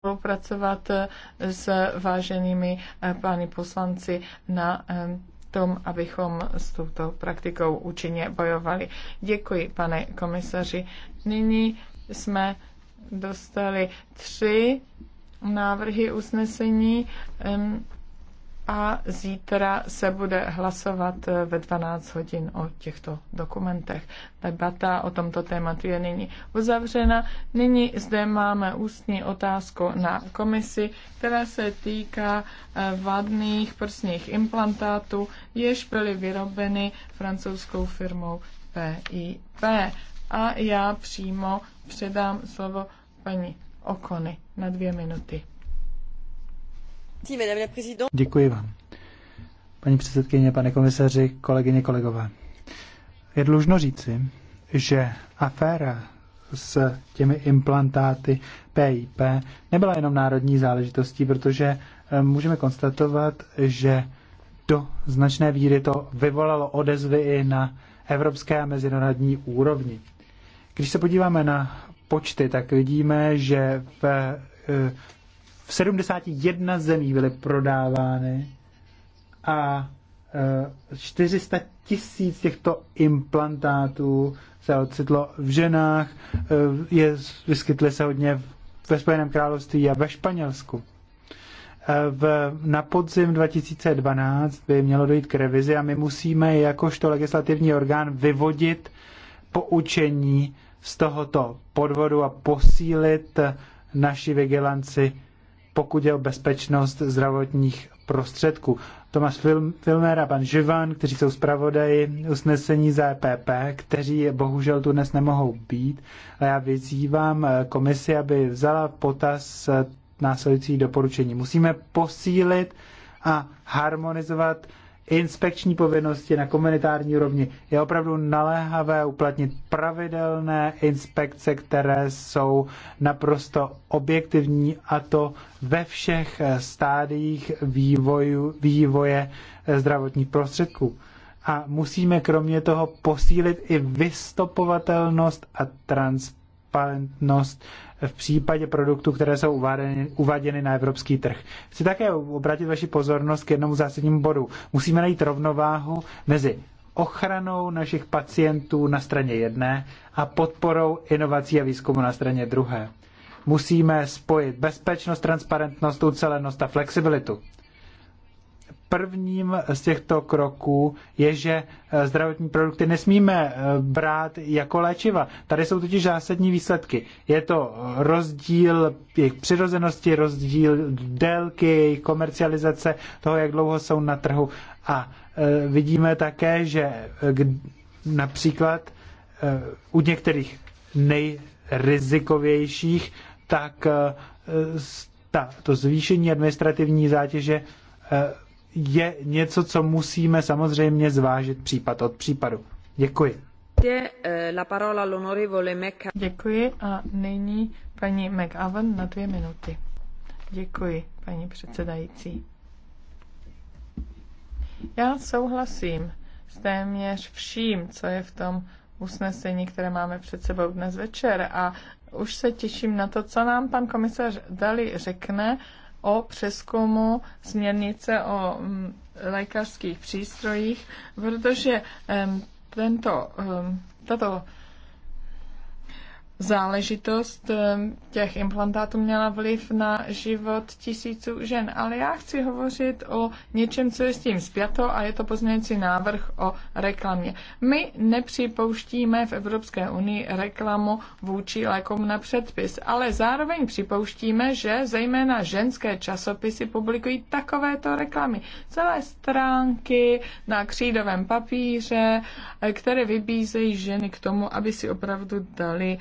spolupracovat eh, s váženými eh, pány poslanci na eh, tom, abychom s touto praktikou účinně bojovali. Děkuji, pane komisaři. Nyní jsme dostali tři návrhy usnesení a zítra se bude hlasovat eh, ve 12 hodin o těchto dokumentech. Debata o tomto tématu je nyní uzavřena. Nyní zde máme ústní otázku na komisi, která se týká eh, vadných prsních implantátů, jež byly vyrobeny francouzskou firmou PIP. A já přímo předám slovo paní Okony na dvě minuty. Děkuji vám. Paní předsedkyně, pane komisaři, kolegyně, kolegové. Je dlužno říci, že aféra s těmi implantáty PIP nebyla jenom národní záležitostí, protože eh, můžeme konstatovat, že do značné víry to vyvolalo odezvy i na evropské a mezinárodní úrovni. Když se podíváme na počty, tak vidíme, že v eh, v 71 zemích byly prodávány a 400 eh, tisíc těchto implantátů se ocitlo v ženách, eh, je, vyskytly se hodně ve Spojeném království a ve Španělsku. Eh, v, na podzim 2012 by mělo dojít k revizi a my musíme jakožto legislativní orgán vyvodit poučení z tohoto podvodu a posílit naši vigilanci pokud je o bezpečnost zdravotních prostředků. Tomáš Film, Filner a pan Živan, kteří jsou zpravodaji usnesení za EPP, kteří bohužel tu dnes nemohou být, ale já vyzývám eh, komisi, aby vzala v potaz eh, následující doporučení. Musíme posílit a harmonizovat inspekční povinnosti na komunitární úrovni. Je opravdu naléhavé uplatnit pravidelné inspekce, které jsou naprosto objektivní a to ve všech eh, stádiích vývoju, vývoje eh, zdravotních prostředků. A musíme kromě toho posílit i vystopovatelnost a transparentnost v případě produktů, které jsou uváděny, uváděny na evropský trh. Chci také obrátit vaši pozornost k jednomu zásadnímu bodu. Musíme najít rovnováhu mezi ochranou našich pacientů na straně jedné a podporou inovací a výzkumu na straně druhé. Musíme spojit bezpečnost, transparentnost, ucelenost a flexibilitu. Prvním z těchto kroků je, že eh, zdravotní produkty nesmíme eh, brát jako léčiva. Tady jsou totiž zásadní výsledky. Je to eh, rozdíl jejich přirozenosti, rozdíl délky, komercializace, toho, jak dlouho jsou na trhu. A vidíme také, že například u některých nejrizikovějších, tak ta, to zvýšení administrativní zátěže je něco, co musíme samozřejmě zvážit případ od případu. Děkuji. Eh, Děkuji a nyní paní McAvan na dvě minuty. Děkuji, paní předsedající. Já souhlasím s téměř vším, co je v tom usnesení, které máme před sebou dnes večer a už se těším na to, co nám pan komisař Dali řekne o přeskumu směrnice o mm, lékařských přístrojích, protože tento, tato záležitost ehm, těch implantátů měla vliv na život tisíců žen. Ale já chci hovořit o něčem, co je s tím zpěto a je to pozměňující návrh o reklamě. My nepřipouštíme v Evropské unii reklamu vůči lékům na předpis, ale zároveň připouštíme, že zejména ženské časopisy publikují takovéto reklamy. Celé stránky na křídovém papíře, eh, které vybízejí ženy k tomu, aby si opravdu dali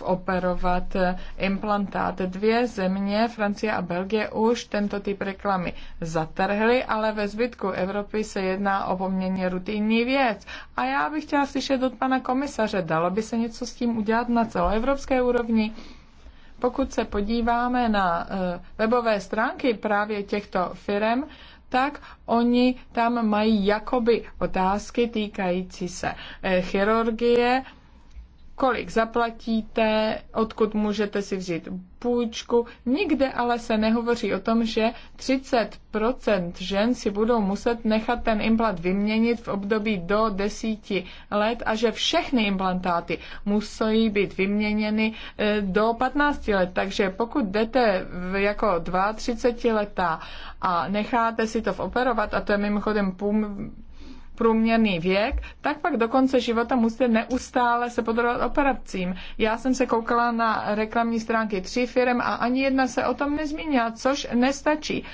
operovat eh, implantát. Dvě země, Francie a Belgie, už tento typ reklamy zatrhly, ale ve zbytku Evropy se jedná o poměrně rutinní věc. A já bych chtěla slyšet od pana komisaře, dalo by se něco s tím udělat na celoevropské úrovni? Pokud se podíváme na eh, webové stránky právě těchto firm, tak oni tam mají jakoby otázky týkající se eh, chirurgie, kolik zaplatíte, odkud můžete si vzít půjčku. Nikde ale se nehovoří o tom, že 30% žen si budou muset nechat ten implant vyměnit v období do 10 let a že všechny implantáty musí být vyměněny eh, do 15 let. Takže pokud jdete jako 32 letá a necháte si to operovat, a to je mimochodem půl průměrný věk, tak pak do konce života musíte neustále se podrobovat operacím. Já jsem se koukala na reklamní stránky tří firm a ani jedna se o tom nezmínila, což nestačí.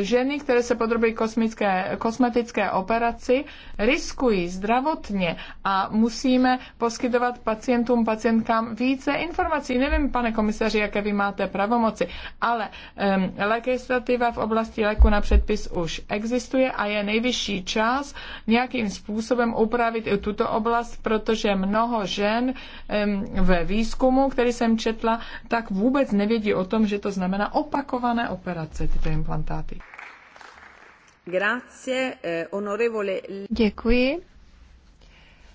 Ženy, které se podrobí kosmické, kosmetické operaci, riskují zdravotně a musíme poskytovat pacientům, pacientkám více informací. Nevím, pane komisaři, jaké vy máte pravomoci, ale um, legislativa v oblasti léku na předpis už existuje a je nejvyšší čas nějak nějakým způsobem upravit i tuto oblast, protože mnoho žen ve výzkumu, který jsem četla, tak vůbec nevědí o tom, že to znamená opakované operace, tyto implantáty. Grazie, eh, onorevole. Děkuji.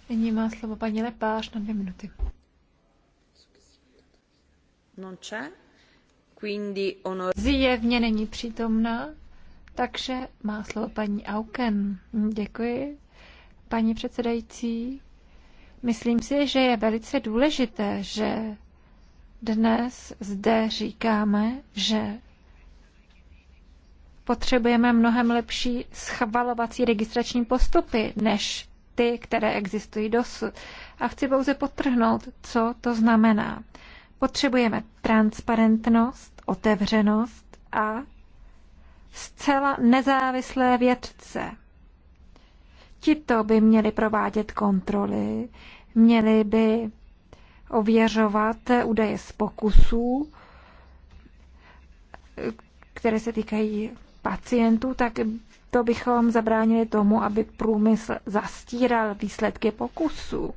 Nyní má slovo paní Lepáš na dvě minuty. Non c'è. Zjevně není přítomná, takže má slovo paní Auken. Děkuji, paní předsedající. Myslím si, že je velice důležité, že dnes zde říkáme, že potřebujeme mnohem lepší schvalovací registrační postupy než ty, které existují dosud. A chci pouze potrhnout, co to znamená. Potřebujeme transparentnost, otevřenost a zcela nezávislé vědce. Tito by měli provádět kontroly, měli by ověřovat údaje z pokusů, které se týkají pacientů, tak to bychom zabránili tomu, aby průmysl zastíral výsledky pokusů.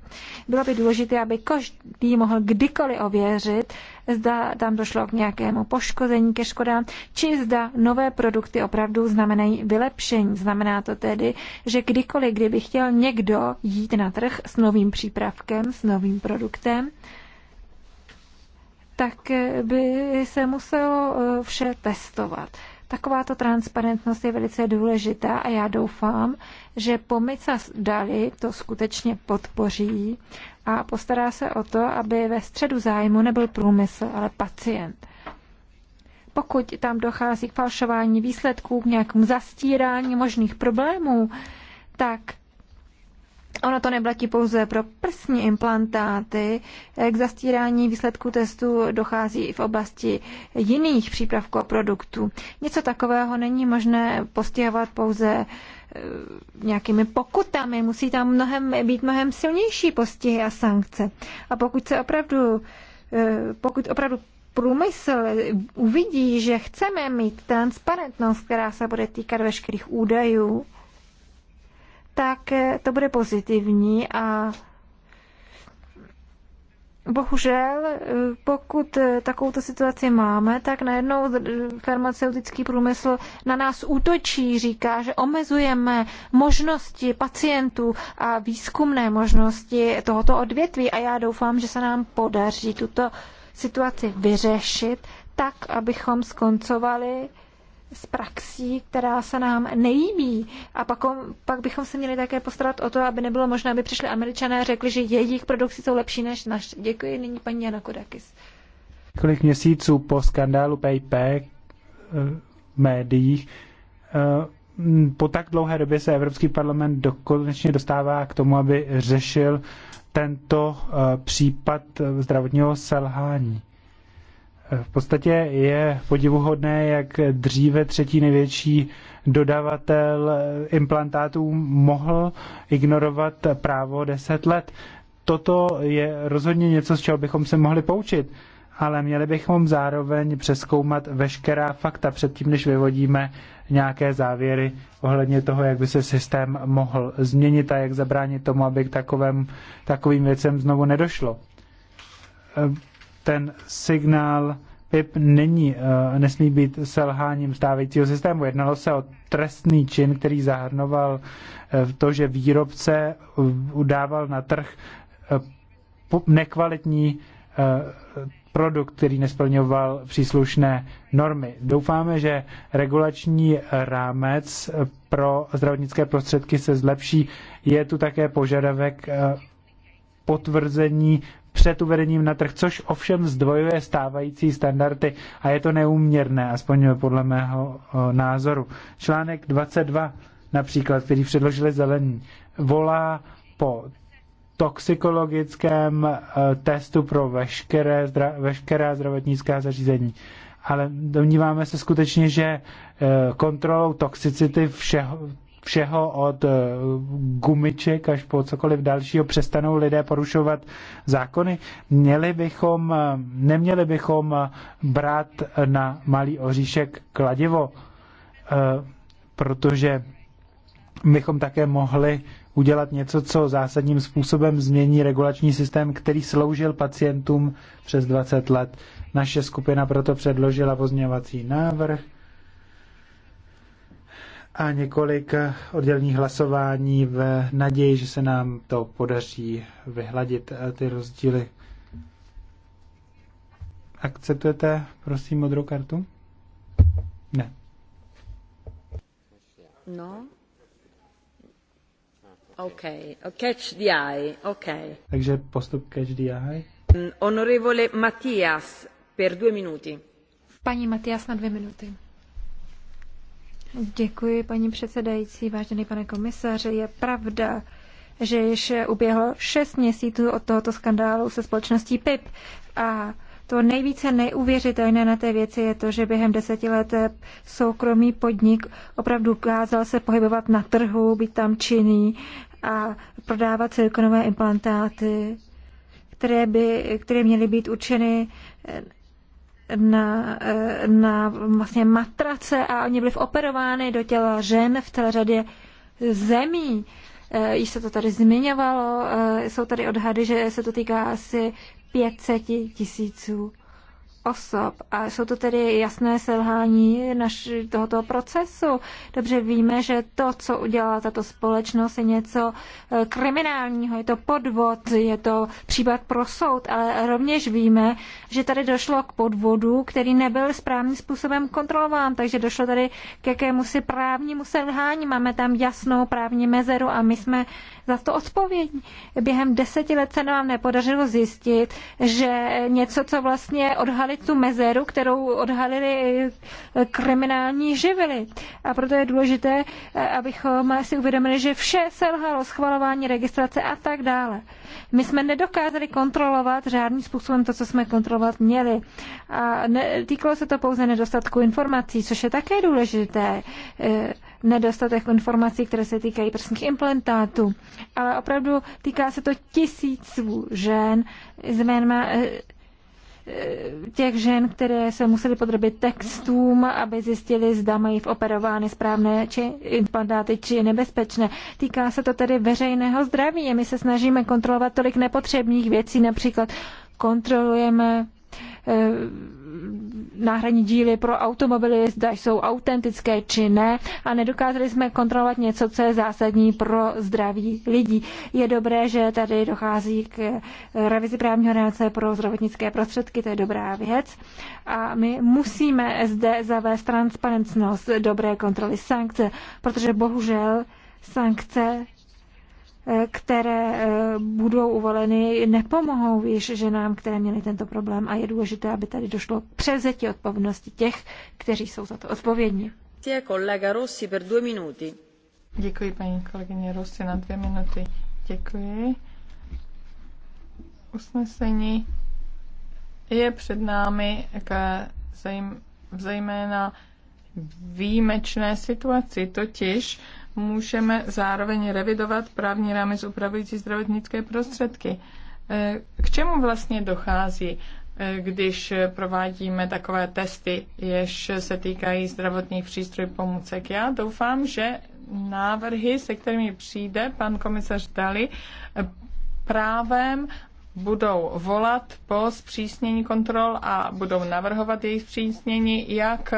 Bylo by důležité, aby každý mohl kdykoliv ověřit, zda tam došlo k nějakému poškození, ke škodám, či zda nové produkty opravdu znamenají vylepšení. Znamená to tedy, že kdykoliv, kdyby chtěl někdo jít na trh s novým přípravkem, s novým produktem, tak by se muselo eh, vše testovat. Takováto transparentnost je velice důležitá a já doufám, že Pomica Dali to skutečně podpoří a postará se o to, aby ve středu zájmu nebyl průmysl, ale pacient. Pokud tam dochází k falšování výsledků, k nějakému zastírání možných problémů, tak Ono to neblatí pouze pro prsní implantáty. K zastírání výsledků testů dochází i v oblasti jiných přípravků a produktů. Něco takového není možné postihovat pouze eh, nějakými pokutami. Musí tam mnohem, být mnohem silnější postihy a sankce. A pokud se opravdu, eh, pokud opravdu průmysl uvidí, že chceme mít transparentnost, která se bude týkat veškerých údajů, tak to bude pozitivní a Bohužel, pokud takovou situaci máme, tak najednou farmaceutický průmysl na nás útočí, říká, že omezujeme možnosti pacientů a výzkumné možnosti tohoto odvětví a já doufám, že se nám podaří tuto situaci vyřešit tak, abychom skoncovali s praxí, která se nám nejíbí. A pak, pak bychom se měli také postarat o to, aby nebylo možné, aby přišli američané a řekli, že jejich produkci jsou lepší než naše. Děkuji, nyní paní Jana Kodakis. Kolik měsíců po skandálu PayPal eh, v médiích eh, po tak dlouhé době se Evropský parlament dokonečně dostává k tomu, aby řešil tento eh, případ zdravotního selhání. V podstatě je podivuhodné, jak dříve třetí největší dodavatel implantátů mohl ignorovat právo 10 let. Toto je rozhodně něco, z čeho bychom se mohli poučit, ale měli bychom zároveň přeskoumat veškerá fakta předtím, než vyvodíme nějaké závěry ohledně toho, jak by se systém mohl změnit a jak zabránit tomu, aby k takovém, takovým věcem znovu nedošlo ten signál PIP není, eh, nesmí být selháním stávajícího systému. Jednalo se o trestný čin, který zahrnoval eh, to, že výrobce eh, udával na trh nekvalitní produkt, který nesplňoval příslušné normy. Doufáme, že regulační rámec pro zdravotnické prostředky se zlepší. Je tu také požadavek potvrzení před uvedením na trh, což ovšem zdvojuje stávající standardy a je to neuměrné, aspoň podle mého eh, názoru. Článek 22 například, který předložili zelení, volá po toxikologickém eh, testu pro veškeré, zdra, veškerá zdravotnická zařízení. Ale domníváme se skutečně, že eh, kontrolou toxicity všeho, všeho od eh, gumiček až po cokoliv dalšího přestanou lidé porušovat zákony. Měli bychom, eh, neměli bychom eh, brát na malý oříšek kladivo, protože bychom také mohli udělat něco, co zásadním způsobem změní regulační systém, který sloužil pacientům přes 20 let. Naše skupina proto předložila pozměňovací návrh, a několik oddělených hlasování v naději, že se nám to podaří vyhladit eh, ty rozdíly. Akceptujete, prosím, modrou kartu? Ne. No. OK. Oh, catch the eye. OK. Takže postup catch the eye. Honorevole Matias, per due minuti. Paní Matias na dvě minuty. Děkuji, paní předsedající, vážený pane komisaři. Je pravda, že již uběhlo šest měsíců od tohoto skandálu se společností PIP a to nejvíce neuvěřitelné na té věci je to, že během deseti let soukromý podnik opravdu ukázal se pohybovat na trhu, být tam činný a prodávat silikonové implantáty, které, by, které měly být určeny na, eh, na vlastně matrace a oni byli operovány do těla žen v celé řadě zemí. Eh, již se to tady zmiňovalo, eh, jsou tady odhady, že se to týká asi 500 tisíců osob. A jsou to tedy jasné selhání naš, tohoto procesu. Dobře víme, že to, co udělala tato společnost, je něco eh, kriminálního, je to podvod, je to případ pro soud, ale rovněž víme, že tady došlo k podvodu, který nebyl správným způsobem kontrolován, takže došlo tady k jakému si právnímu selhání. Máme tam jasnou právní mezeru a my jsme za to odpovědní. Během deseti let se nám nepodařilo zjistit, že něco, co vlastně odhalit tu mezeru, kterou odhalili kriminální živily. A proto je důležité, abychom si uvědomili, že vše selhalo, schvalování, registrace a tak dále. My jsme nedokázali kontrolovat řádným způsobem to, co jsme kontrolovat měli. A ne, týkalo se to pouze nedostatku informací, což je také důležité. E, nedostatek informací, které se týkají prsních implantátů. Ale opravdu týká se to tisíců žen, zejména eh, eh, těch žen, které se museli podrobit textům, aby zjistili, zda mají v operovány správné či implantáty, či nebezpečné. Týká se to tedy veřejného zdraví my se snažíme kontrolovat tolik nepotřebných věcí, například kontrolujeme eh, náhradní díly pro automobily, zda jsou autentické či ne a nedokázali jsme kontrolovat něco, co je zásadní pro zdraví lidí. Je dobré, že tady dochází k revizi právního rámce pro zdravotnické prostředky, to je dobrá věc. A my musíme zde zavést transparentnost, dobré kontroly sankce, protože bohužel sankce které eh, budou uvoleny, nepomohou již ženám, které měly tento problém a je důležité, aby tady došlo k převzetí odpovědnosti těch, kteří jsou za to odpovědní. Kolega Rossi per dvě minuty. Děkuji paní kolegyně Rossi na dvě minuty. Děkuji. Usnesení je před námi k zejména výjimečné situaci, totiž můžeme zároveň revidovat právní rámec upravující zdravotnické prostředky. Eh, k čemu vlastně dochází, eh, když provádíme takové testy, jež se týkají zdravotních přístrojů pomůcek? Já doufám, že návrhy, se kterými přijde pan komisař Dali, eh, právem budou volat po zpřísnění kontrol a budou navrhovat jejich zpřísnění jak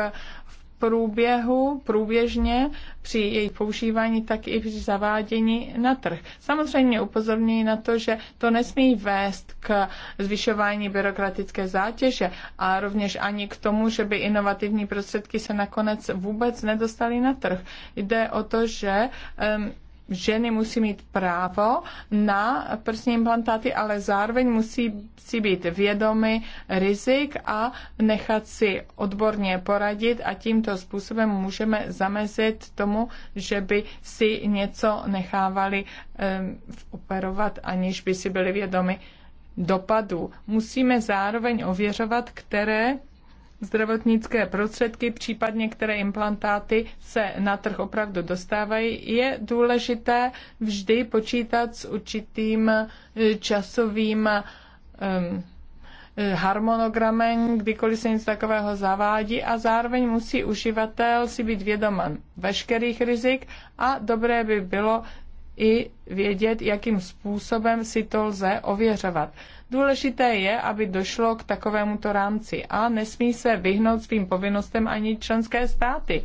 průběhu, průběžně při jejich používání, tak i při zavádění na trh. Samozřejmě upozorňují na to, že to nesmí vést k zvyšování byrokratické zátěže a rovněž ani k tomu, že by inovativní prostředky se nakonec vůbec nedostaly na trh. Jde o to, že um, ženy musí mít právo na prsní implantáty, ale zároveň musí si být vědomy rizik a nechat si odborně poradit a tímto způsobem můžeme zamezit tomu, že by si něco nechávali um, operovat, aniž by si byli vědomi dopadu. Musíme zároveň ověřovat, které zdravotnické prostředky, případně které implantáty se na trh opravdu dostávají, je důležité vždy počítat s určitým eh, časovým um, harmonogramem, kdykoliv se nic takového zavádí a zároveň musí uživatel si být vědoman veškerých rizik a dobré by bylo i vědět, jakým způsobem si to lze ověřovat. Důležité je, aby došlo k takovémuto rámci a nesmí se vyhnout svým povinnostem ani členské státy.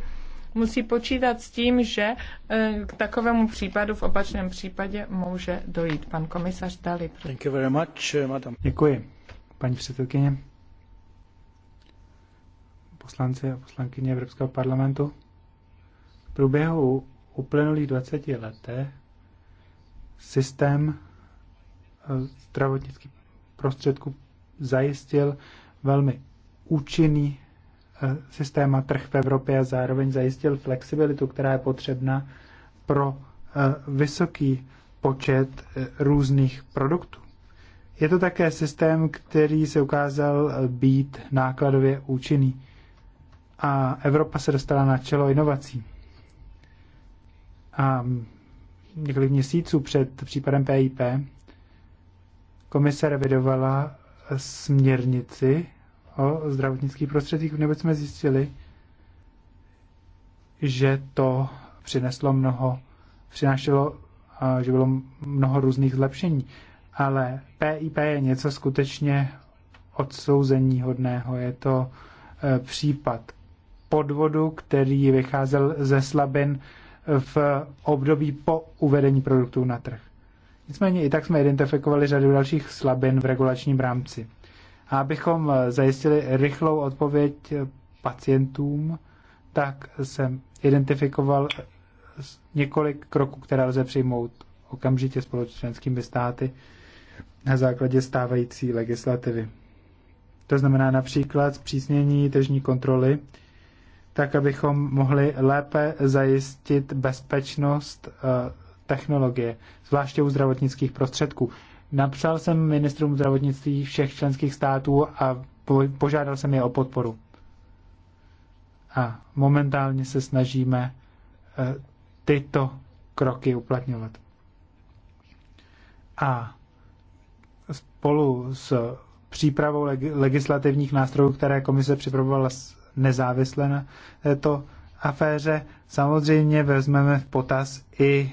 Musí počítat s tím, že e, k takovému případu v opačném případě může dojít. Pan komisař Dali. Thank you very much, eh, madam. Děkuji, paní předsedkyně. Poslanci a poslankyně Evropského parlamentu. V průběhu uplynulých 20 letech systém eh, zdravotnických prostředků zajistil velmi účinný eh, systém a trh v Evropě a zároveň zajistil flexibilitu, která je potřebna pro eh, vysoký počet různých produktů. Je to také systém, který se ukázal být nákladově účinný a Evropa se dostala na čelo inovací. A několik měsíců před případem PIP komise revidovala směrnici o zdravotnických prostředcích, neboť jsme zjistili, že to přineslo mnoho, přinášelo, že bylo mnoho různých zlepšení. Ale PIP je něco skutečně odsouzení hodného. Je to e, případ podvodu, který vycházel ze slabin v období po uvedení produktů na trh. Nicméně i tak jsme identifikovali řadu dalších slabin v regulačním rámci. A abychom zajistili rychlou odpověď pacientům, tak jsem identifikoval několik kroků, které lze přijmout okamžitě společenskými státy na základě stávající legislativy. To znamená například zpřísnění tržní kontroly tak abychom mohli lépe zajistit bezpečnost eh, technologie, zvláště u zdravotnických prostředků. Napsal jsem ministrům zdravotnictví všech členských států a požádal jsem je o podporu. A momentálně se snažíme eh, tyto kroky uplatňovat. A spolu s přípravou legislativních nástrojů, které komise připravovala nezávisle na této aféře. Samozřejmě vezmeme v potaz i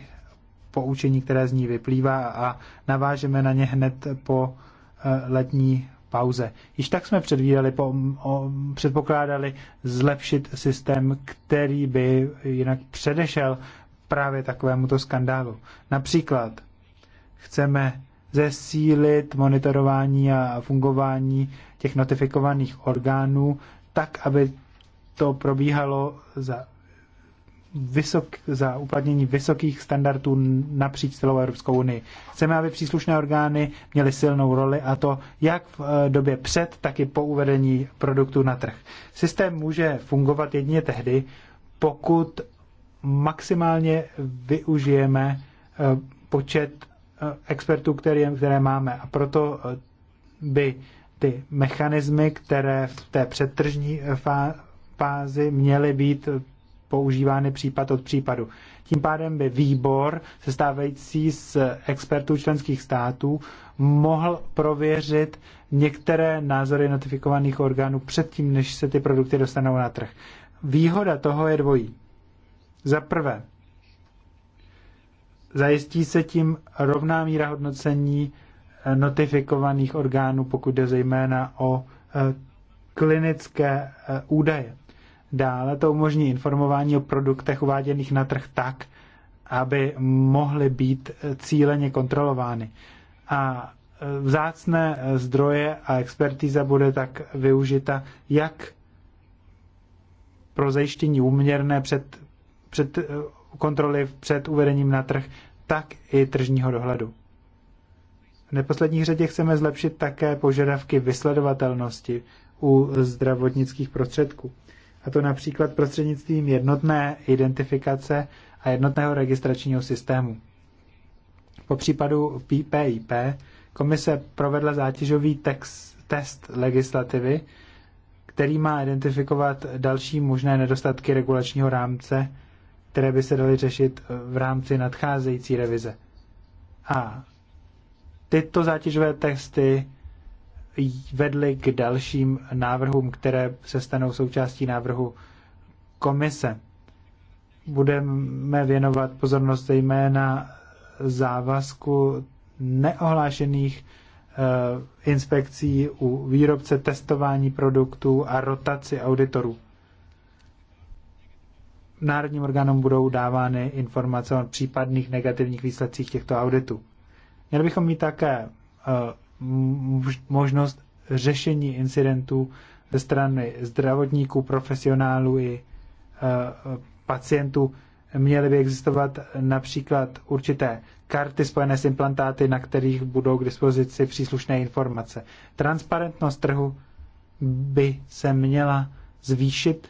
poučení, které z ní vyplývá a navážeme na ně hned po eh, letní pauze. Již tak jsme předvídali, po, o, předpokládali zlepšit systém, který by jinak předešel právě takovémuto skandálu. Například chceme zesílit monitorování a fungování těch notifikovaných orgánů, tak, aby to probíhalo za, vysok, za uplatnění vysokých standardů napříč celou Evropskou unii. Chceme, aby příslušné orgány měly silnou roli a to jak v eh, době před, tak i po uvedení produktu na trh. Systém může fungovat jedině tehdy, pokud maximálně využijeme eh, počet eh, expertů, které, které máme. A proto by ty mechanismy, které v té předtržní fázi měly být používány případ od případu. Tím pádem by výbor, sestávající z expertů členských států, mohl prověřit některé názory notifikovaných orgánů předtím, než se ty produkty dostanou na trh. Výhoda toho je dvojí. Za prvé, zajistí se tím rovná míra hodnocení notifikovaných orgánů, pokud jde zejména o e, klinické e, údaje. Dále to umožní informování o produktech uváděných na trh tak, aby mohly být e, cíleně kontrolovány. A vzácné zdroje a expertíza bude tak využita jak pro zajištění úměrné před, před kontroly před uvedením na trh, tak i tržního dohledu. V neposlední řadě chceme zlepšit také požadavky vysledovatelnosti u zdravotnických prostředků. A to například prostřednictvím jednotné identifikace a jednotného registračního systému. Po případu PPIP komise provedla zátěžový text, test legislativy, který má identifikovat další možné nedostatky regulačního rámce, které by se daly řešit v rámci nadcházející revize. A tyto zátěžové testy vedly k dalším návrhům, které se stanou součástí návrhu komise. Budeme věnovat pozornost zejména závazku neohlášených eh, inspekcí u výrobce testování produktů a rotaci auditorů. Národním orgánům budou dávány informace o případných negativních výsledcích těchto auditů. Měli bychom mít také eh, možnost řešení incidentů ze strany zdravotníků, profesionálů i eh, pacientů. Měly by existovat například určité karty spojené s implantáty, na kterých budou k dispozici příslušné informace. Transparentnost trhu by se měla zvýšit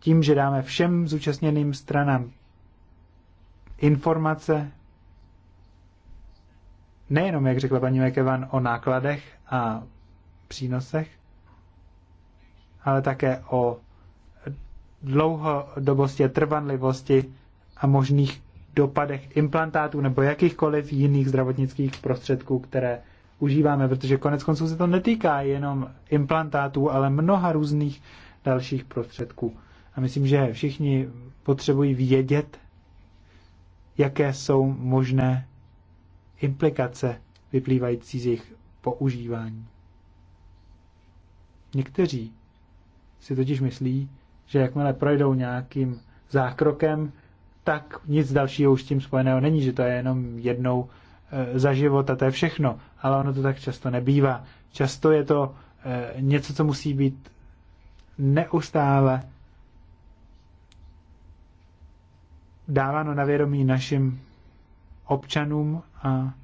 tím, že dáme všem zúčastněným stranám informace nejenom, jak řekla paní McEvan, o nákladech a přínosech, ale také o dlouhodobosti a trvanlivosti a možných dopadech implantátů nebo jakýchkoliv jiných zdravotnických prostředků, které užíváme, protože konec konců se to netýká jenom implantátů, ale mnoha různých dalších prostředků. A myslím, že všichni potřebují vědět, jaké jsou možné implikace vyplývající z jejich používání. Někteří si totiž myslí, že jakmile projdou nějakým zákrokem, tak nic dalšího už s tím spojeného není, že to je jenom jednou e, za život a to je všechno. Ale ono to tak často nebývá. Často je to e, něco, co musí být neustále dáváno na vědomí našim občanům a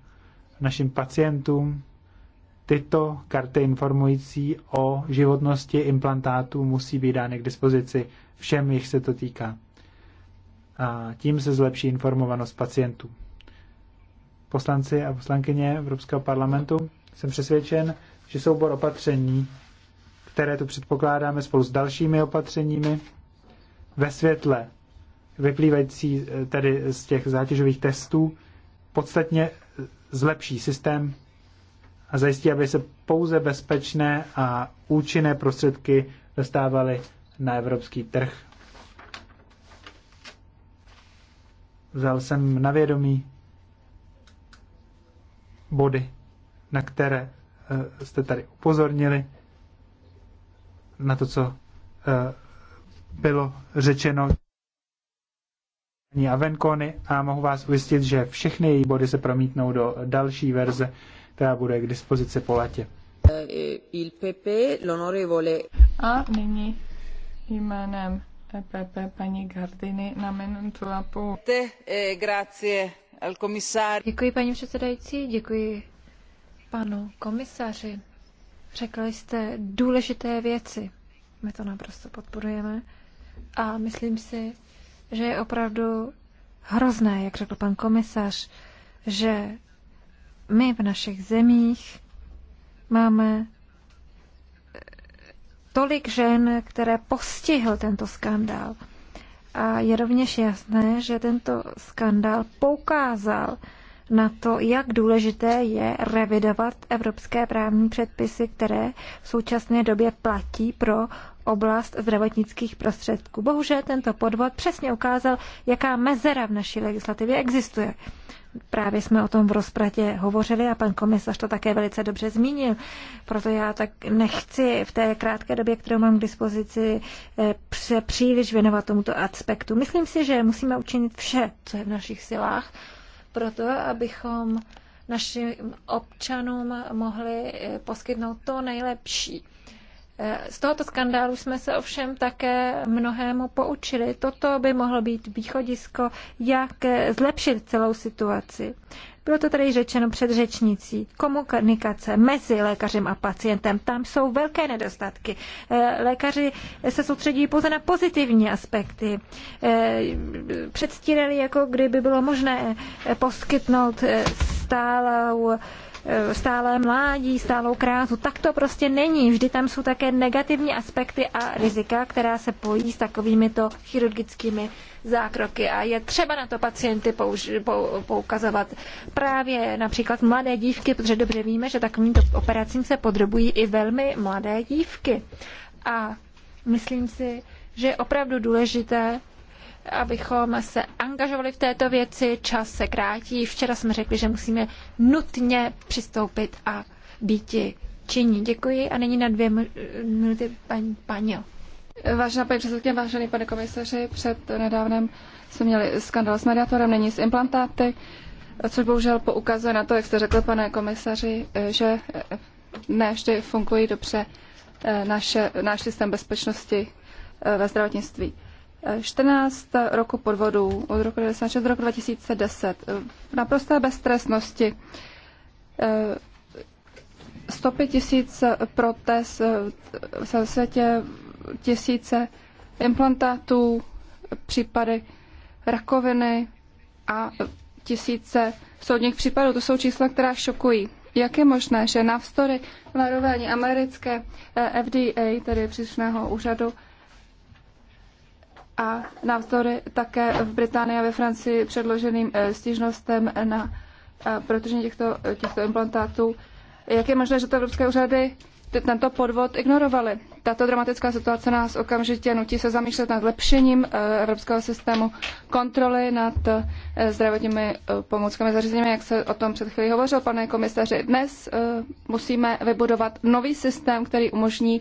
našim pacientům tyto karty informující o životnosti implantátů musí být dány k dispozici všem, jich se to týká. A tím se zlepší informovanost pacientů. Poslanci a poslankyně Evropského parlamentu jsem přesvědčen, že soubor opatření, které tu předpokládáme spolu s dalšími opatřeními, ve světle vyplývající eh, tedy z těch zátěžových testů, podstatně zlepší systém a zajistí, aby se pouze bezpečné a účinné prostředky dostávaly na evropský trh. Vzal jsem na vědomí body, na které eh, jste tady upozornili, na to, co eh, bylo řečeno paní Avenkony a mohu vás ujistit, že všechny její body se promítnou do další verze, která bude k dispozici po letě. Il PP, l'onorevole. A nyní jménem EPP paní Gardiny na minutu a půl. Eh, grazie al komisar. Děkuji paní předsedající, děkuji panu komisaři. Řekli jste důležité věci. My to naprosto podporujeme. A myslím si, že je opravdu hrozné, jak řekl pan komisař, že my v našich zemích máme eh, tolik žen, které postihl tento skandál. A je rovněž jasné, že tento skandál poukázal na to, jak důležité je revidovat evropské právní předpisy, které v současné době platí pro oblast zdravotnických prostředků. Bohužel tento podvod přesně ukázal, jaká mezera v naší legislativě existuje. Právě jsme o tom v rozpratě hovořili a pan komisař to také velice dobře zmínil. Proto já tak nechci v té krátké době, kterou mám k dispozici, eh, se příliš věnovat tomuto aspektu. Myslím si, že musíme učinit vše, co je v našich silách, proto abychom našim občanům mohli eh, poskytnout to nejlepší. Z tohoto skandálu jsme se ovšem také mnohému poučili. Toto by mohlo být východisko, jak zlepšit celou situaci. Bylo to tady řečeno před řečnicí. Komunikace mezi lékařem a pacientem, tam jsou velké nedostatky. Eh, lékaři se soustředí pouze na pozitivní aspekty. Eh, předstírali, jako kdyby bylo možné poskytnout eh, stálou E, stále mládí, stálou krásu. Tak to prostě není. Vždy tam jsou také negativní aspekty a rizika, která se pojí s takovými to chirurgickými zákroky. A je třeba na to pacienty použ- pou- poukazovat právě například mladé dívky, protože dobře víme, že takovýmto operacím se podrobují i velmi mladé dívky. A myslím si, že je opravdu důležité abychom se angažovali v této věci. Čas se krátí. Včera jsme řekli, že musíme nutně přistoupit a být činní. Děkuji a nyní na dvě minuty paní Paňo. Vážená paní předsedkyně, vážený pane komisaři, před nedávnem jsme měli skandal s mediátorem, není s implantáty, což bohužel poukazuje na to, jak jste řekl, pane komisaři, že ne vždy fungují dobře eh, naše, náš systém bezpečnosti eh, ve zdravotnictví. 14 roku podvodů od roku 1996 do roku 2010. Naprosté beztrestnosti. Stopy tisíc protest v světě, tisíce implantátů, případy rakoviny a tisíce soudních případů. To jsou čísla, která šokují. Jak je možné, že navzdory varování americké eh, FDA, tedy příslušného úřadu, a navzdory také v Británii a ve Francii předloženým eh, stížnostem na eh, protože těchto, eh, těchto implantátů. Jak je možné, že to evropské úřady tento podvod ignorovaly? Tato dramatická situace nás okamžitě nutí se zamýšlet nad lepšením evropského systému kontroly nad zdravotními pomůckami zařízeními, jak se o tom před chvílí hovořil, pane komisaři. Dnes musíme vybudovat nový systém, který umožní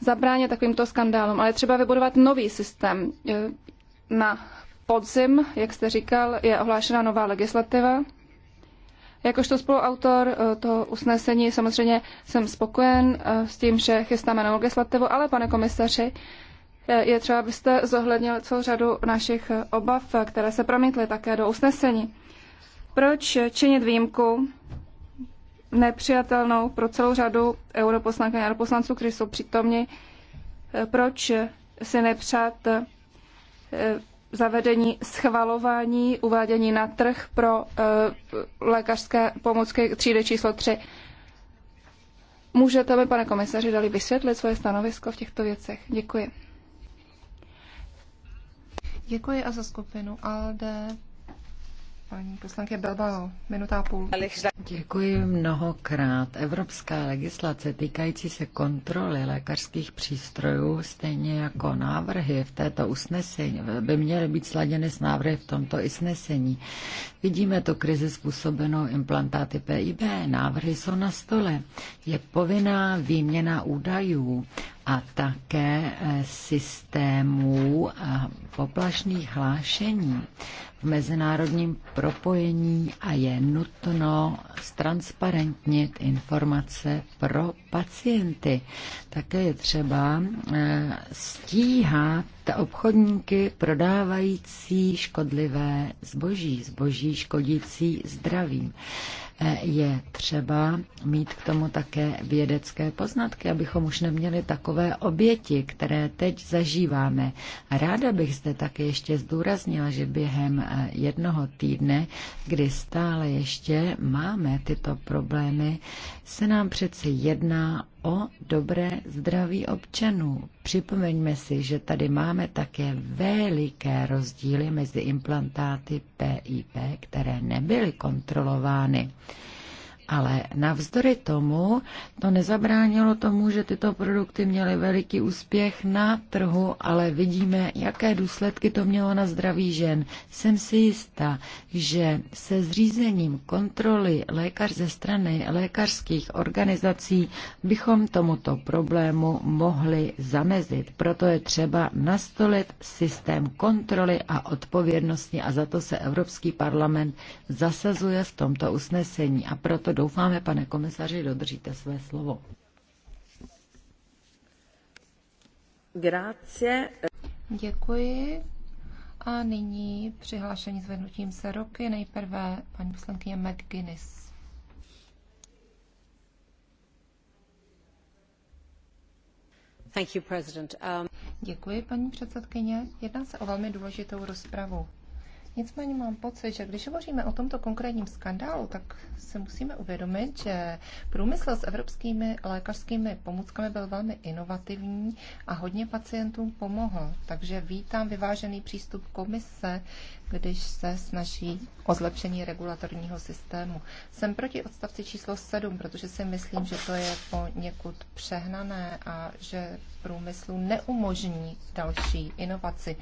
zabránit takovýmto skandálům, ale třeba vybudovat nový systém. E, na podzim, jak jste říkal, je ohlášena nová legislativa. Jakožto spoluautor e, toho usnesení samozřejmě jsem spokojen e, s tím, že chystáme novou legislativu, ale pane komisaři, je třeba, abyste zohlednil celou řadu našich obav, které se promítly také do usnesení. Proč činit výjimku nepřijatelnou pro celou řadu europoslanků a europoslanců, kteří jsou přítomni. Eh, proč si nepřát eh, zavedení schvalování, uvádění na trh pro eh, lékařské pomůcky třídy číslo 3? Můžete mi, pane komisaři, dali vysvětlit svoje stanovisko v těchto věcech? Děkuji. Děkuji a za skupinu ALDE Paní poslanky Bilbao, minuta a půl. Děkuji mnohokrát. Evropská legislace týkající se kontroly lékařských přístrojů, stejně jako návrhy v této usnesení, by měly být sladěny s návrhy v tomto usnesení. Vidíme tu krizi způsobenou implantáty PIB. Návrhy jsou na stole. Je povinná výměna údajů a také eh, systémů eh, poplašných hlášení v mezinárodním propojení a je nutno ztransparentnit informace pro pacienty. Také je třeba eh, stíhat ta obchodníky prodávající škodlivé zboží, zboží škodící zdravím. E, je třeba mít k tomu také vědecké poznatky, abychom už neměli takové oběti, které teď zažíváme. Ráda bych zde také ještě zdůraznila, že během e, jednoho týdne, kdy stále ještě máme tyto problémy, se nám přece jedná o dobré zdraví občanů. Připomeňme si, že tady máme také veliké rozdíly mezi implantáty PIP, které nebyly kontrolovány. Ale navzdory tomu to nezabránilo tomu, že tyto produkty měly veliký úspěch na trhu, ale vidíme, jaké důsledky to mělo na zdraví žen. Jsem si jistá, že se zřízením kontroly lékař ze strany lékařských organizací bychom tomuto problému mohli zamezit. Proto je třeba nastolit systém kontroly a odpovědnosti a za to se Evropský parlament zasazuje v tomto usnesení. A proto Doufáme, pane komisaři, dodržíte své slovo. Grazie. Děkuji. A nyní přihlášení vednutím se roky. Nejprve paní poslankyně McGuinness. Thank you, President. Um... Děkuji, paní předsedkyně. Jedná se o velmi důležitou rozpravu. Nicméně mám pocit, že když hovoříme o tomto konkrétním skandálu, tak se musíme uvědomit, že průmysl s evropskými lékařskými pomůckami byl velmi inovativní a hodně pacientům pomohl. Takže vítám vyvážený přístup komise když se snaží o zlepšení regulatorního systému. Jsem proti odstavci číslo 7, protože si myslím, že to je poněkud přehnané a že průmyslu neumožní další inovaci.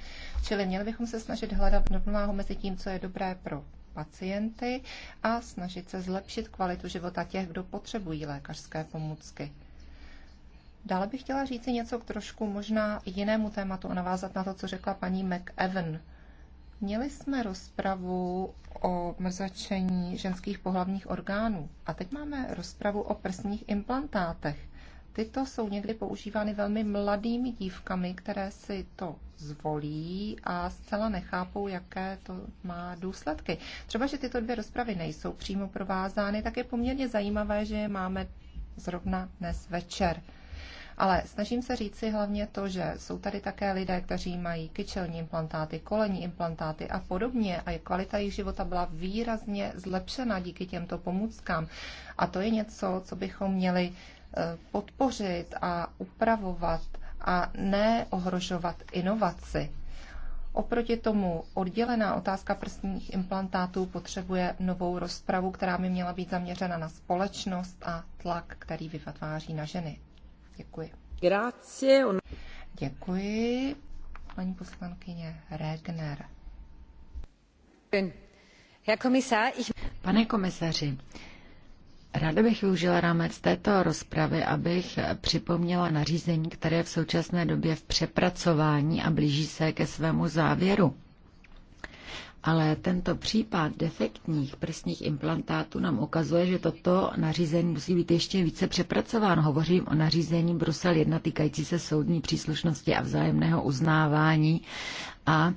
Čili měli bychom se snažit hledat rovnováhu mezi tím, co je dobré pro pacienty a snažit se zlepšit kvalitu života těch, kdo potřebují lékařské pomůcky. Dále bych chtěla říci něco k trošku možná jinému tématu a navázat na to, co řekla paní McEwen. Měli jsme rozpravu o mrzačení ženských pohlavních orgánů a teď máme rozpravu o prsních implantátech. Tyto jsou někdy používány velmi mladými dívkami, které si to zvolí a zcela nechápou, jaké to má důsledky. Třeba, že tyto dvě rozpravy nejsou přímo provázány, tak je poměrně zajímavé, že je máme zrovna dnes večer. Ale snažím se říci hlavně to, že jsou tady také lidé, kteří mají kyčelní implantáty, kolenní implantáty a podobně a kvalita jejich života byla výrazně zlepšena díky těmto pomůckám. A to je něco, co bychom měli eh, podpořit a upravovat a ne ohrožovat inovaci. Oproti tomu oddělená otázka prstních implantátů potřebuje novou rozpravu, která by měla být zaměřena na společnost a tlak, který vytváří na ženy. Děkuji. Grazie. Děkuji, paní poslankyně Regner. Pane komisaři, Ráda bych využila rámec této rozpravy, abych připomněla nařízení, které je v současné době v přepracování a blíží se ke svému závěru. Ale tento případ defektních prsních implantátů nám ukazuje, že toto nařízení musí být ještě více přepracováno. Hovořím o nařízení Brusel 1 týkající se soudní příslušnosti a vzájemného uznávání a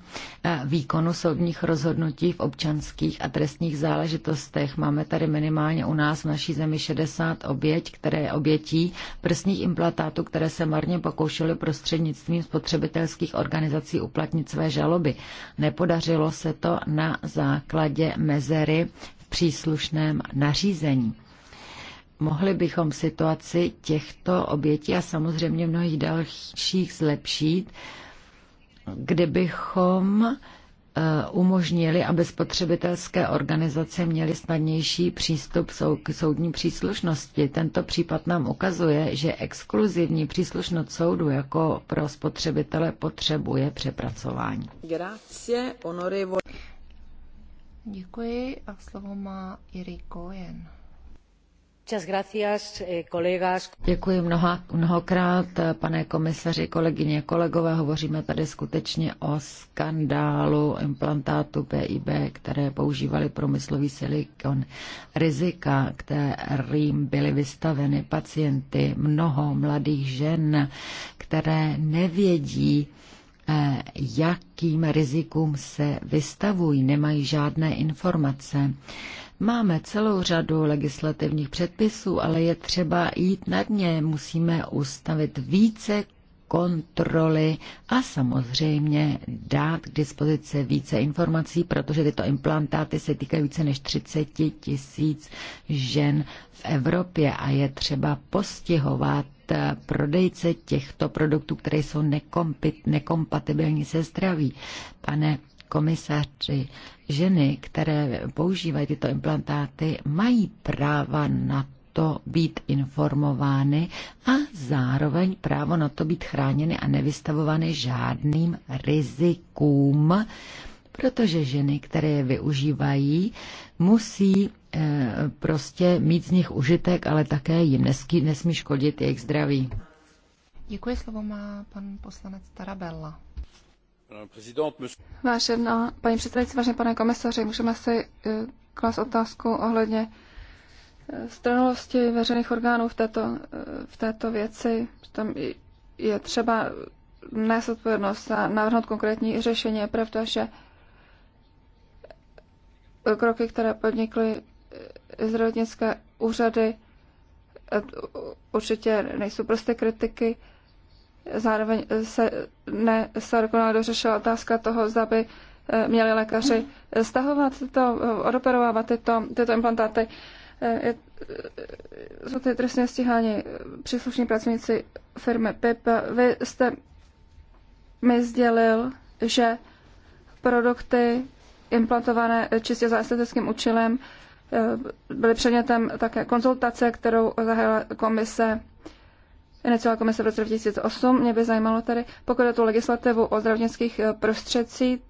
výkonu soudních rozhodnutí v občanských a trestních záležitostech. Máme tady minimálně u nás v naší zemi 60 oběť, které obětí prstních implantátů, které se marně pokoušely prostřednictvím spotřebitelských organizací uplatnit své žaloby. Nepodařilo se to na základě mezery v příslušném nařízení mohli bychom situaci těchto obětí a samozřejmě mnohých dalších zlepšit kdybychom eh, umožnili, aby spotřebitelské organizace měly snadnější přístup k soudní příslušnosti. Tento případ nám ukazuje, že exkluzivní příslušnost soudu jako pro spotřebitele potřebuje přepracování. Grazie, onorevo. Děkuji a slovo má Iri Cohen. Eh, Děkuji mnoha, mnohokrát, eh, pane komisaři, kolegyně, kolegové. Hovoříme tady skutečně o skandálu implantátu PIB, které používali průmyslový silikon. Rizika, kterým byly vystaveny pacienty, mnoho mladých žen, které nevědí, eh, jakým rizikům se vystavují, nemají žádné informace. Máme celou řadu legislativních předpisů, ale je třeba jít nad ně. Musíme ustavit více kontroly a samozřejmě dát k dispozici více informací, protože tyto implantáty se týkají více než 30 tisíc žen v Evropě a je třeba postihovat eh, prodejce těchto produktů, které jsou nekompatibilní se zdraví. Pane komisaři, ženy, které používají tyto implantáty, mají práva na to být informovány a zároveň právo na to být chráněny a nevystavovány žádným rizikům, protože ženy, které je využívají, musí eh, prostě mít z nich užitek, ale také jim nesmí, nesmí škodit jejich zdraví. Děkuji, slovo má pan poslanec Tarabella. Vážená paní předsedající, vážený pane komisaři, můžeme si eh, klást otázku ohledně eh, stranulosti veřejných orgánů v této, eh, v této věci. Tam je třeba nést odpovědnost a navrhnout konkrétní řešení. Je pravda, že kroky, které podnikly zdravotnické úřady, určitě nejsou prostě kritiky. Zároveň se, ne, se dokonale dořešila otázka toho, zda by eh, měli lékaři stahovat tyto, eh, odoperovávat tyto, tyto implantáty. Eh, je, jsou ty trestně stíháni příslušní pracovníci firmy PIP. Vy jste mi sdělil, že produkty implantované čistě za estetickým účelem byly předmětem také konzultace, kterou zahájila komise Venecová komise v roce 2008. Mě by zajímalo tady. pokud je tu legislativu o zdravotnických eh, prostředcích,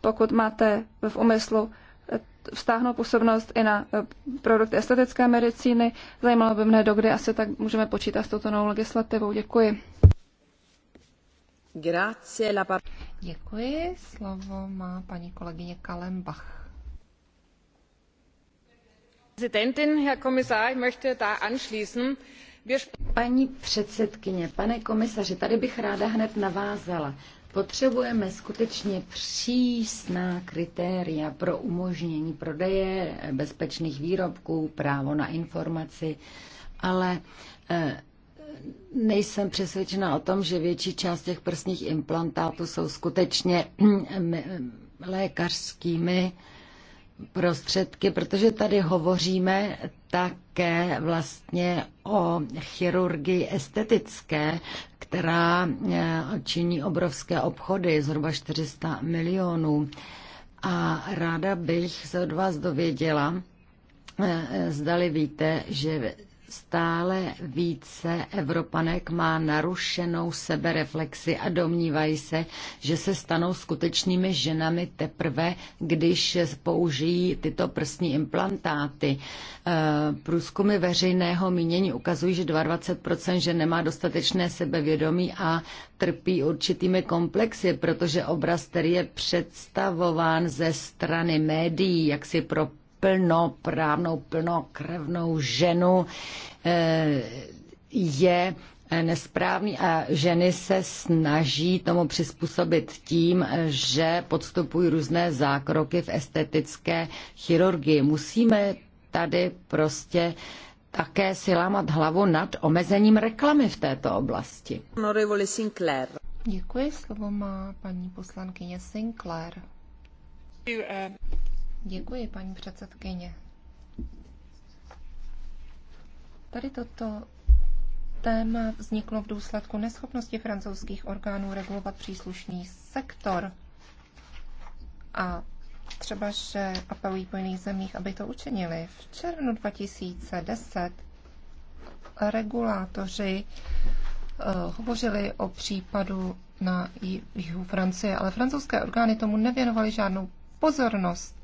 pokud máte v úmyslu eh, vztáhnout působnost i na eh, produkty estetické medicíny. Zajímalo by mne, dokdy asi tak můžeme počítat s touto novou legislativou. Děkuji. Děkuji. Slovo má paní kolegyně Kalembach. Präsidentin, Herr Kommissar, ich möchte da anschließen. Wir Paní předsedkyně, pane komisaři, tady bych ráda hned navázala. Potřebujeme skutečně přísná kritéria pro umožnění prodeje bezpečných výrobků, právo na informaci, ale eh, nejsem přesvědčena o tom, že větší část těch prsních implantátů jsou skutečně hm, lékařskými prostředky, protože tady hovoříme také vlastně o chirurgii estetické, která eh, činí obrovské obchody, zhruba 400 milionů. A ráda bych se od vás dověděla, eh, zdali víte, že Stále více Evropanek má narušenou sebereflexi a domnívají se, že se stanou skutečnými ženami teprve, když použijí tyto prsní implantáty. Eh, průzkumy veřejného mínění ukazují, že 22% žen nemá dostatečné sebevědomí a trpí určitými komplexy, protože obraz, který je představován ze strany médií, jak si pro plnoprávnou, plnokrevnou ženu eh, je eh, nesprávný a ženy se snaží tomu přizpůsobit tím, že podstupují různé zákroky v estetické chirurgii. Musíme tady prostě také si lámat hlavu nad omezením reklamy v této oblasti. Sinclair. Děkuji, slovo má paní poslankyně Sinclair. Děkuji, paní předsedkyně. Tady toto téma vzniklo v důsledku neschopnosti francouzských orgánů regulovat příslušný sektor. A třeba, že apelují po jiných zemích, aby to učinili. V červnu 2010 regulátoři uh, hovořili o případu na jihu Francie, ale francouzské orgány tomu nevěnovaly žádnou pozornost.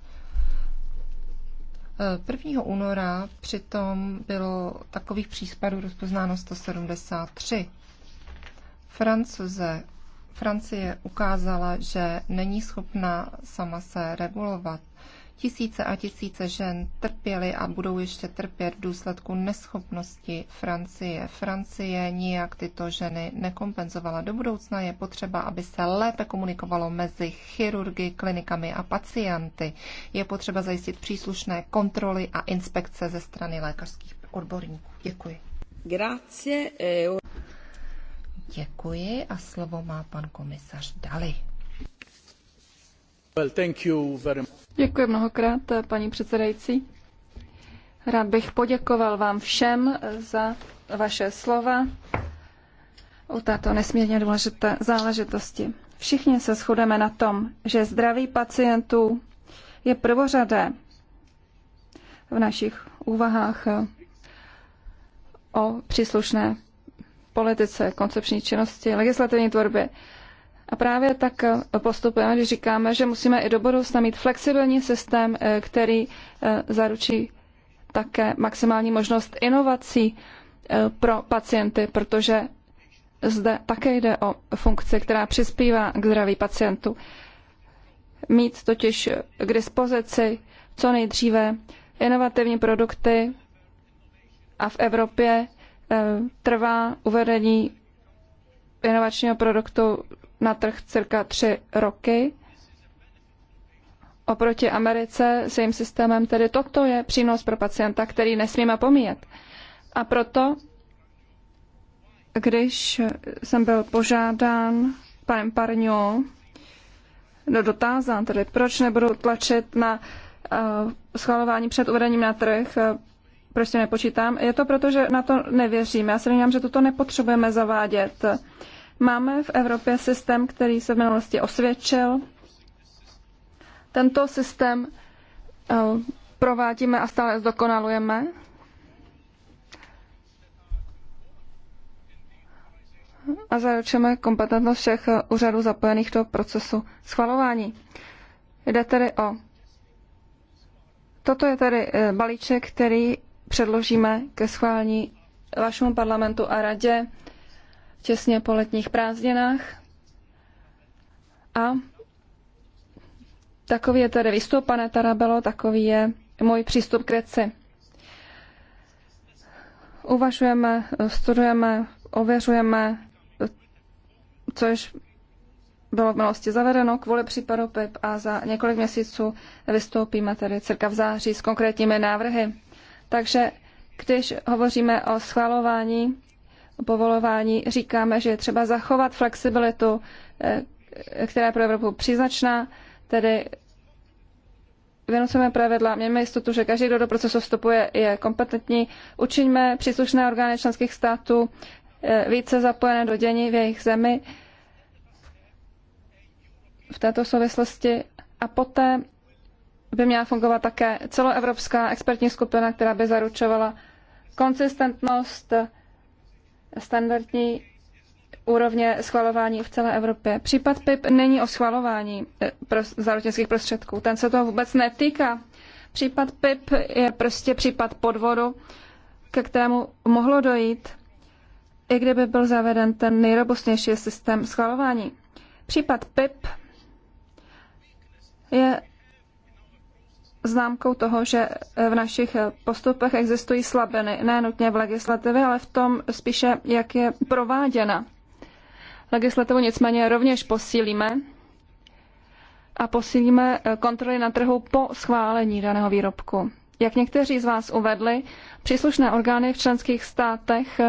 1. února přitom bylo takových případů rozpoznáno 173. Francouze, Francie ukázala, že není schopna sama se regulovat. Tisíce a tisíce žen trpěly a budou ještě trpět v důsledku neschopnosti Francie. Francie nijak tyto ženy nekompenzovala. Do budoucna je potřeba, aby se lépe komunikovalo mezi chirurgy, klinikami a pacienty. Je potřeba zajistit příslušné kontroly a inspekce ze strany lékařských odborníků. Děkuji. Grazie. Eh, Děkuji a slovo má pan komisař Dali. Děkuji mnohokrát, paní předsedající. Rád bych poděkoval vám všem za vaše slova o této nesmírně důležité záležitosti. Všichni se shodeme na tom, že zdraví pacientů je prvořadé v našich úvahách o příslušné politice, koncepční činnosti, legislativní tvorbě. A právě tak postupujeme, když říkáme, že musíme i do budoucna mít flexibilní systém, eh, který eh, zaručí také maximální možnost inovací eh, pro pacienty, protože zde také jde o funkci, která přispívá k zdraví pacientů. Mít totiž k dispozici co nejdříve inovativní produkty a v Evropě trvá uvedení inovačního produktu na trh cirka tři roky. Oproti Americe s jejím systémem tedy toto je přínos pro pacienta, který nesmíme pomíjet. A proto, když jsem byl požádán panem Parňo, no dotázán tedy, proč nebudu tlačit na uh, schvalování před uvedením na trh, eh, proč si nepočítám, je to proto, že na to nevěřím. Já se domnívám, že toto nepotřebujeme zavádět. Uh, Máme v Evropě systém, který se v minulosti osvědčil. Tento systém eh, provádíme a stále zdokonalujeme. A zaručujeme kompetentnost všech úřadů zapojených do procesu schvalování. Jde tedy o. Toto je tedy eh, balíček, který předložíme ke schválení vašemu parlamentu a radě těsně po letních prázdninách. A takový je tedy výstup, pane Tarabelo, takový je můj přístup k věci. Uvažujeme, studujeme, ověřujeme, což bylo v minulosti zavedeno kvůli případu PIP a za několik měsíců vystoupíme tedy cirka v září s konkrétními návrhy. Takže když hovoříme o schvalování povolování říkáme, že je třeba zachovat flexibilitu, eh, která je pro Evropu příznačná, tedy vynucujeme pravidla, mějme jistotu, že každý, kdo do procesu vstupuje, je kompetentní. Učiňme příslušné orgány členských států eh, více zapojené do dění v jejich zemi v této souvislosti. A poté by měla fungovat také celoevropská expertní skupina, která by zaručovala konsistentnost standardní úrovně schvalování v celé Evropě. Případ PIP není o schvalování eh, zdravotnických prostředků. Ten se toho vůbec netýká. Případ PIP je prostě případ podvodu, ke kterému mohlo dojít, i kdyby byl zaveden ten nejrobustnější systém schvalování. Případ PIP je známkou toho, že v našich postupech existují slabiny, ne nutně v legislativě, ale v tom spíše, jak je prováděna. Legislativu nicméně rovněž posílíme a posílíme kontroly na trhu po schválení daného výrobku. Jak někteří z vás uvedli, příslušné orgány v členských státech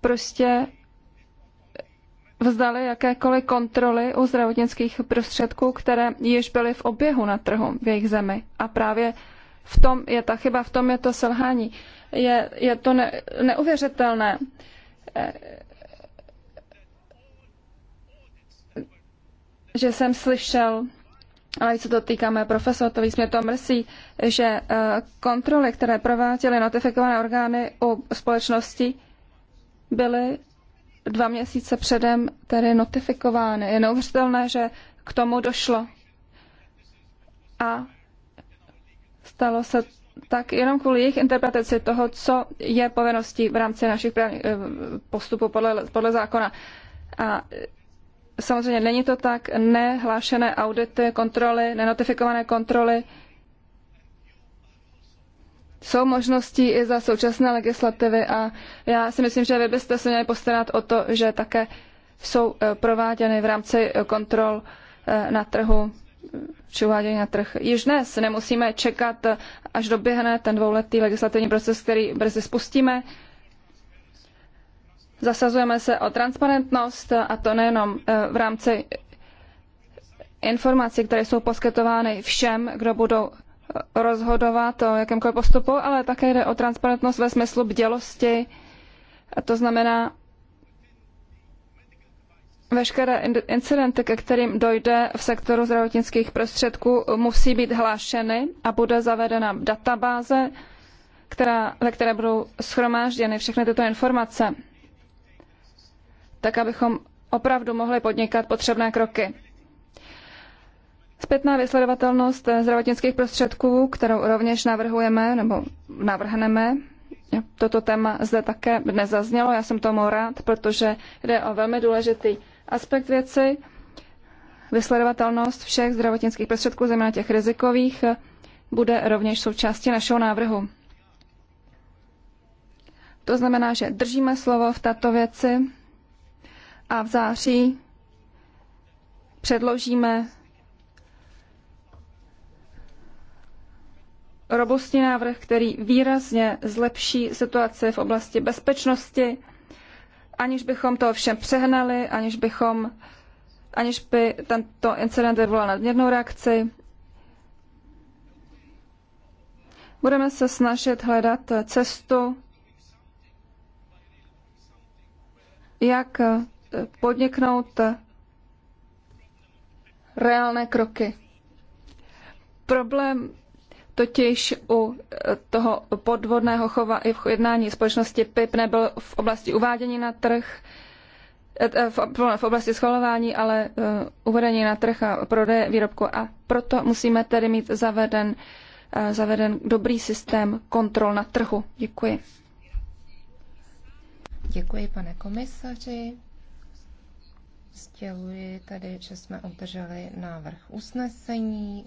prostě vzdali jakékoliv kontroly u zdravotnických prostředků, které již byly v oběhu na trhu v jejich zemi. A právě v tom je ta chyba, v tom je to selhání. Je, je to ne, neuvěřitelné. Eh, že jsem slyšel, ale co to týká mé profesor, to víc mě to mrzí, že eh, kontroly, které prováděly notifikované orgány u společnosti, byly dva měsíce předem tedy notifikovány. Je neuvěřitelné, že k tomu došlo. A stalo se tak jenom kvůli jejich interpretaci toho, co je povinností v rámci našich eh, postupů podle, podle zákona. A eh, samozřejmě není to tak, nehlášené audity, kontroly, nenotifikované kontroly jsou možnosti i za současné legislativy a já si myslím, že vy byste se měli postarat o to, že také jsou eh, prováděny v rámci eh, kontrol eh, na trhu či uvádění na trh. Již dnes nemusíme čekat, až doběhne ten dvouletý legislativní proces, který brzy spustíme. Zasazujeme se o transparentnost a to nejenom v rámci informací, které jsou poskytovány všem, kdo budou rozhodovat o jakémkoliv postupu, ale také jde o transparentnost ve smyslu bdělosti. A to znamená, veškeré incidenty, ke kterým dojde v sektoru zdravotnických prostředků, musí být hlášeny a bude zavedena databáze, která, ve které budou schromážděny všechny tyto informace, tak abychom opravdu mohli podnikat potřebné kroky. Zpětná vysledovatelnost eh, zdravotnických prostředků, kterou rovněž navrhujeme nebo navrhneme, toto téma zde také dnes zaznělo, já jsem tomu rád, protože jde o velmi důležitý aspekt věci. Vysledovatelnost všech zdravotnických prostředků, zejména těch rizikových, eh, bude rovněž součástí našeho návrhu. To znamená, že držíme slovo v této věci a v září předložíme robustní návrh, který výrazně zlepší situaci v oblasti bezpečnosti, aniž bychom to všem přehnali, aniž bychom aniž by tento incident vyvolal nadměrnou reakci. Budeme se snažit hledat cestu, jak podniknout reálné kroky. Problém totiž u eh, toho podvodného chova i v jednání společnosti PIP nebyl v oblasti uvádění na trh, eh, eh, v oblasti schvalování, ale uvedení na trh a prodeje výrobku. A proto musíme tedy mít zaveden, zaveden dobrý systém kontrol na trhu. Děkuji. Děkuji, pane komisaři. Sděluji tady, že jsme obdrželi návrh usnesení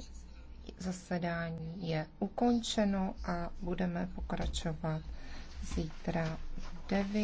Zasedání je ukončeno a budeme pokračovat zítra v 9.